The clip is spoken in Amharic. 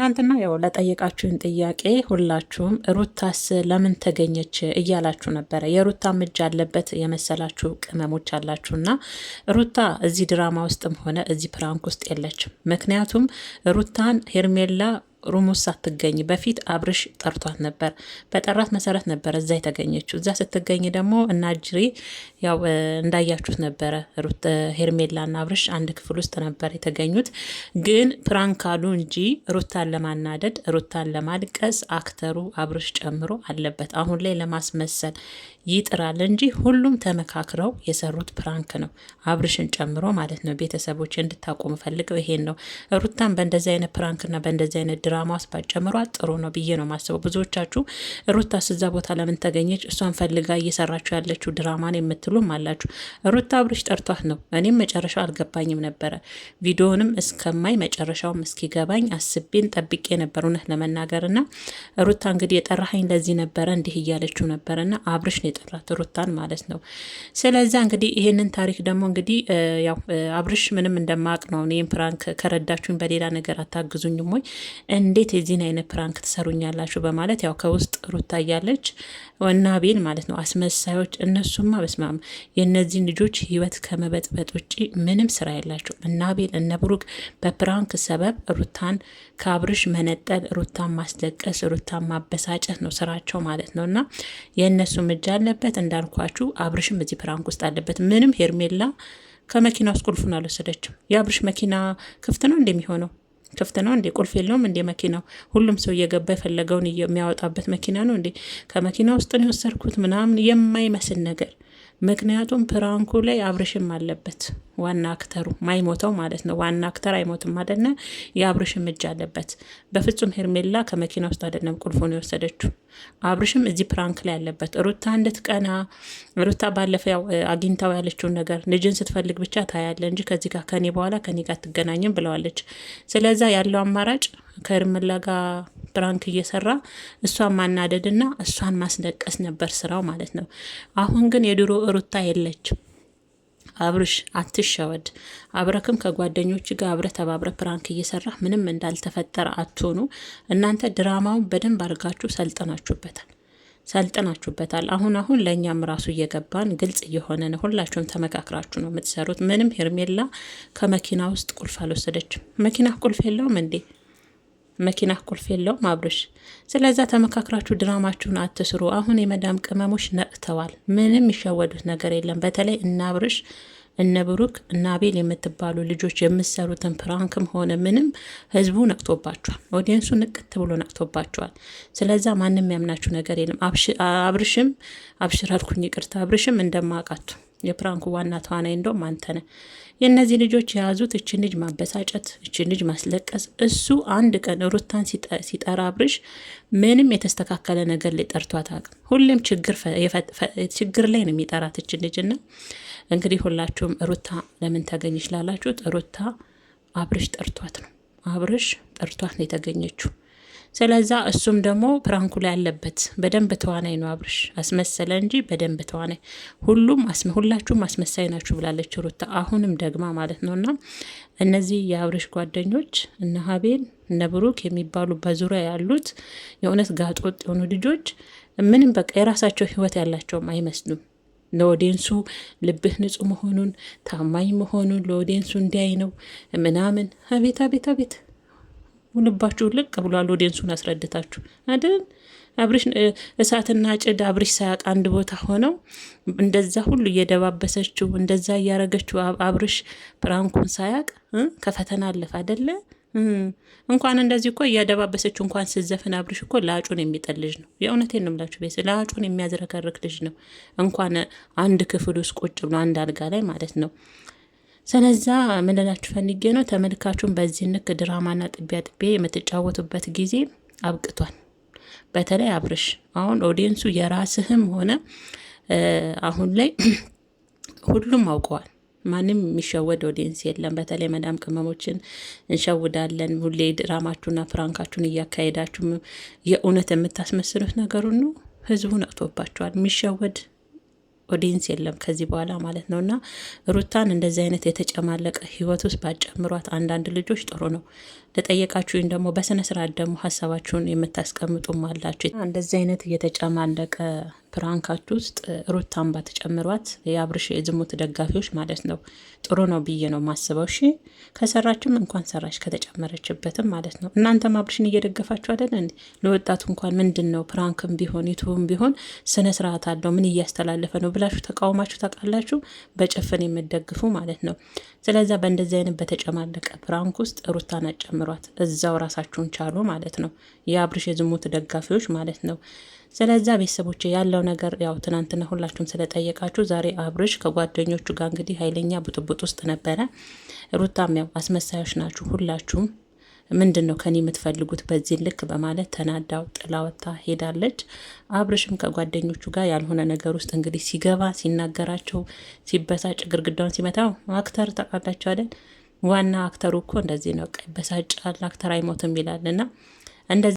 ትናንትና ያው ለጠየቃችሁን ጥያቄ ሁላችሁም ሩታስ ለምን ተገኘች እያላችሁ ነበረ። የሩታም እጅ አለበት የመሰላችሁ ቅመሞች አላችሁና ሩታ እዚህ ድራማ ውስጥም ሆነ እዚህ ፕራንክ ውስጥ የለችም። ምክንያቱም ሩታን ሄርሜላ ሩሙስ ሳትገኝ በፊት አብርሽ ጠርቷት ነበር። በጠራት መሰረት ነበር እዛ የተገኘችው። እዛ ስትገኝ ደግሞ እና ያው እንዳያችሁት ነበረ ሄርሜላና አብርሽ አንድ ክፍል ውስጥ ነበር የተገኙት። ግን ፕራንክ አሉ እንጂ ሩታን ለማናደድ ሩታን ለማልቀስ አክተሩ አብርሽ ጨምሮ አለበት። አሁን ላይ ለማስመሰል ይጥራል እንጂ ሁሉም ተመካክረው የሰሩት ፕራንክ ነው፣ አብርሽን ጨምሮ ማለት ነው። ቤተሰቦች እንድታቆሙ ፈልገው ይሄን ነው ሩታን በእንደዚህ አይነት ፕራንክና በእንደዚህ አይነት ድራማ ውስጥ ጨምሯል። ጥሩ ነው ብዬ ነው ማስበው። ብዙዎቻችሁ ሩታ ስዛ ቦታ ለምን ተገኘች እሷን ፈልጋ እየሰራችሁ ያለችው ድራማ ነው የምትሉም አላችሁ። ሩታ አብርሽ ጠርቷት ነው። እኔም መጨረሻው አልገባኝም ነበረ። ቪዲዮንም እስከማይ መጨረሻውም እስኪገባኝ አስቤን ጠብቄ ነበር እውነት ለመናገር ና ሩታ እንግዲህ የጠራኸኝ ለዚህ ነበረ እንዲህ እያለችው ነበረና አብርሽ ነው የጠራት ሩታን ማለት ነው። ስለዛ እንግዲህ ይህንን ታሪክ ደግሞ እንግዲህ ያው አብርሽ ምንም እንደማቅ ነው። እኔም ፕራንክ ከረዳችሁኝ በሌላ ነገር አታግዙኝም ወይ እንዴት የዚህን አይነት ፕራንክ ትሰሩኛላችሁ? በማለት ያው ከውስጥ ሩታ እያለች እና ቤል ማለት ነው አስመሳዮች። እነሱማ በስማም የእነዚህን ልጆች ህይወት ከመበጥበጥ ውጭ ምንም ስራ የላቸው። እና አቤል እነ ብሩክ በፕራንክ ሰበብ ሩታን ከአብርሽ መነጠል፣ ሩታን ማስለቀስ፣ ሩታን ማበሳጨት ነው ስራቸው ማለት ነው። እና የእነሱም እጅ አለበት እንዳልኳችሁ፣ አብርሽም እዚህ ፕራንክ ውስጥ አለበት። ምንም ሄርሜላ ከመኪና ውስጥ ቁልፉን አልወሰደችም። የአብርሽ መኪና ክፍት ነው እንደሚሆነው ክፍት ነው እንዴ? ቁልፍ የለውም እንዴ? መኪናው ሁሉም ሰው እየገባ የፈለገውን የሚያወጣበት መኪና ነው እንዴ? ከመኪና ውስጥ ነው የወሰድኩት ምናምን የማይመስል ነገር ምክንያቱም ፕራንኩ ላይ አብርሽም አለበት፣ ዋና አክተሩ ማይሞተው ማለት ነው። ዋና አክተር አይሞትም አደለ? የአብርሽም እጅ አለበት። በፍጹም ሄርሜላ ከመኪና ውስጥ አደለም ቁልፎን የወሰደችው። አብርሽም እዚህ ፕራንክ ላይ አለበት። ሩታ እንድትቀና ሩታ ባለፈ ያው አግኝታው ያለችውን ነገር ልጅን ስትፈልግ ብቻ ታያለ እንጂ ከዚህ ጋር ከኔ በኋላ ከኔ ጋር ትገናኝም ብለዋለች። ስለዛ ያለው አማራጭ ከሄርሜላ ጋር ፕራንክ እየሰራ እሷን ማናደድና እሷን ማስለቀስ ነበር ስራው ማለት ነው። አሁን ግን የድሮ ሩታ የለች አብርሽ አትሸወድ። አብረክም ከጓደኞች ጋር አብረ ተባብረ ፕራንክ እየሰራ ምንም እንዳልተፈጠረ አትሆኑ። እናንተ ድራማውን በደንብ አድርጋችሁ ሰልጥናችሁበታል ሰልጥናችሁበታል። አሁን አሁን ለእኛም ራሱ እየገባን ግልጽ እየሆነ ነው። ሁላችሁም ተመካክራችሁ ነው የምትሰሩት። ምንም ሄርሜላ ከመኪና ውስጥ ቁልፍ አልወሰደችም። መኪና ቁልፍ የለውም እንዴ? መኪና ቁልፍ የለውም አብርሽ። ስለዛ ተመካክራችሁ ድራማችሁን አትስሩ። አሁን የመዳም ቅመሞች ነቅተዋል። ምንም ይሸወዱት ነገር የለም። በተለይ እነ አብርሽ እነ ብሩክ እና አቤል የምትባሉ ልጆች የምሰሩትን ፕራንክም ሆነ ምንም ህዝቡ ነቅቶባቸዋል። ኦዲየንሱ ንቅት ብሎ ነቅቶባቸዋል። ስለዛ ማንም ያምናችሁ ነገር የለም። አብርሽም አብሽራልኩኝ ይቅርታ አብርሽም እንደማቃቱ የፕራንኩ ዋና ተዋናይ እንደም አንተነ የእነዚህ ልጆች የያዙት እችን ልጅ ማበሳጨት፣ እችን ልጅ ማስለቀስ። እሱ አንድ ቀን ሩታን ሲጠራ አብርሽ ምንም የተስተካከለ ነገር ላይ ጠርቷት አቅም ሁሌም ችግር ላይ ነው የሚጠራት እችን ልጅ እና እንግዲህ ሁላችሁም ሩታ ለምን ተገኘች ይችላላችሁት። ሩታ አብርሽ ጠርቷት ነው አብርሽ ጠርቷት ነው የተገኘችው። ስለዛ እሱም ደግሞ ፕራንኩ ላይ በደንብ ተዋናይ ነው አብርሽ፣ አስመሰለ እንጂ በደንብ ተዋናይ። ሁሉም ሁላችሁም አስመሳይ ናችሁ ብላለች ሩታ፣ አሁንም ደግማ ማለት ነው። እና እነዚህ የአብርሽ ጓደኞች እነ ሀቤል እነ ብሩክ የሚባሉ በዙሪያ ያሉት የእውነት ጋጦጥ የሆኑ ልጆች ምንም በቃ የራሳቸው ህይወት ያላቸውም አይመስሉም። ለኦዲንሱ ልብህ ንጹህ መሆኑን ታማኝ መሆኑን ለኦዲንሱ እንዲያይ ነው ምናምን። አቤት አቤት አቤት ሁንባችሁ ልቅ ብሏል። ወደንሱን አስረድታችሁ አይደል አብሪሽ እሳትና ጭድ አብሪሽ ሳያቅ አንድ ቦታ ሆነው እንደዛ ሁሉ እየደባበሰችው እንደዛ እያረገችው አብሪሽ ፕራንኩን ሳያቅ ከፈተና አለፍ አደለ። እንኳን እንደዚህ እኮ እያደባበሰችው እንኳን ስዘፍን አብሪሽ እኮ ለአጩን የሚጠል ልጅ ነው። የእውነቴን ነው የምላችሁ ቤተሰብ የሚያዝረከርክ ልጅ ነው። እንኳን አንድ ክፍል ውስጥ ቁጭ ብሎ አንድ አልጋ ላይ ማለት ነው ስለዛ ምንላችሁ ፈልጌ ነው ተመልካቹን በዚህ ንክ ድራማና ጥቢያ ጥቢያ የምትጫወቱበት ጊዜ አብቅቷል። በተለይ አብርሽ አሁን ኦዲየንሱ የራስህም ሆነ አሁን ላይ ሁሉም አውቀዋል። ማንም የሚሸወድ ኦዲየንስ የለም። በተለይ መዳም ቅመሞችን እንሸውዳለን። ሁሌ ድራማችሁና ፍራንካችሁን እያካሄዳችሁ የእውነት የምታስመስሉት ነገሩን ነው። ህዝቡን አቅቶባቸዋል። የሚሸወድ ኦዲንስ የለም ከዚህ በኋላ ማለት ነው። እና ሩታን እንደዚህ አይነት የተጨማለቀ ህይወት ውስጥ ባጨምሯት አንዳንድ ልጆች ጥሩ ነው። ለጠየቃችሁኝ ደግሞ በስነ ስርዓት ደግሞ ሀሳባችሁን የምታስቀምጡም አላችሁ። እንደዚህ አይነት የተጨማለቀ ፕራንካች ውስጥ ሩታን ባትጨምሯት የአብርሽ የዝሙት ደጋፊዎች ማለት ነው። ጥሩ ነው ብዬ ነው ማስበው። እሺ ከሰራችም እንኳን ሰራች ከተጨመረችበትም ማለት ነው። እናንተም አብርሽን እየደገፋችሁ አደለ? ለወጣቱ እንኳን ምንድን ነው ፕራንክም ቢሆን ዩቱብም ቢሆን ስነ ስርዓት አለው ምን እያስተላለፈ ነው ብላችሁ ተቃውማችሁ ታውቃላችሁ። በጭፍን የምደግፉ ማለት ነው። ስለዛ በእንደዚህ አይነት በተጨማለቀ ፕራንክ ውስጥ ሩታን አጨምሯት፣ እዛው ራሳችሁን ቻሉ ማለት ነው። የአብርሽ የዝሙት ደጋፊዎች ማለት ነው። ስለዛ ቤተሰቦች ያለው ሌላው ነገር ያው ትናንትና ሁላችሁም ስለጠየቃችሁ ዛሬ አብርሽ ከጓደኞቹ ጋር እንግዲህ ኃይለኛ ቡጥቡጥ ውስጥ ነበረ። ሩታም ያው አስመሳዮች ናችሁ ሁላችሁም ምንድን ነው ከኔ የምትፈልጉት በዚህ ልክ በማለት ተናዳው ጥላ ወጥታ ሄዳለች። አብርሽም ከጓደኞቹ ጋር ያልሆነ ነገር ውስጥ እንግዲህ ሲገባ ሲናገራቸው ሲበሳጭ ግርግዳውን ሲመታው አክተር ታውቃላችሁ አይደል? ዋና አክተሩ እኮ እንደዚህ ነው፣ ይበሳጫል። አክተር አይሞትም እና እንደዚህ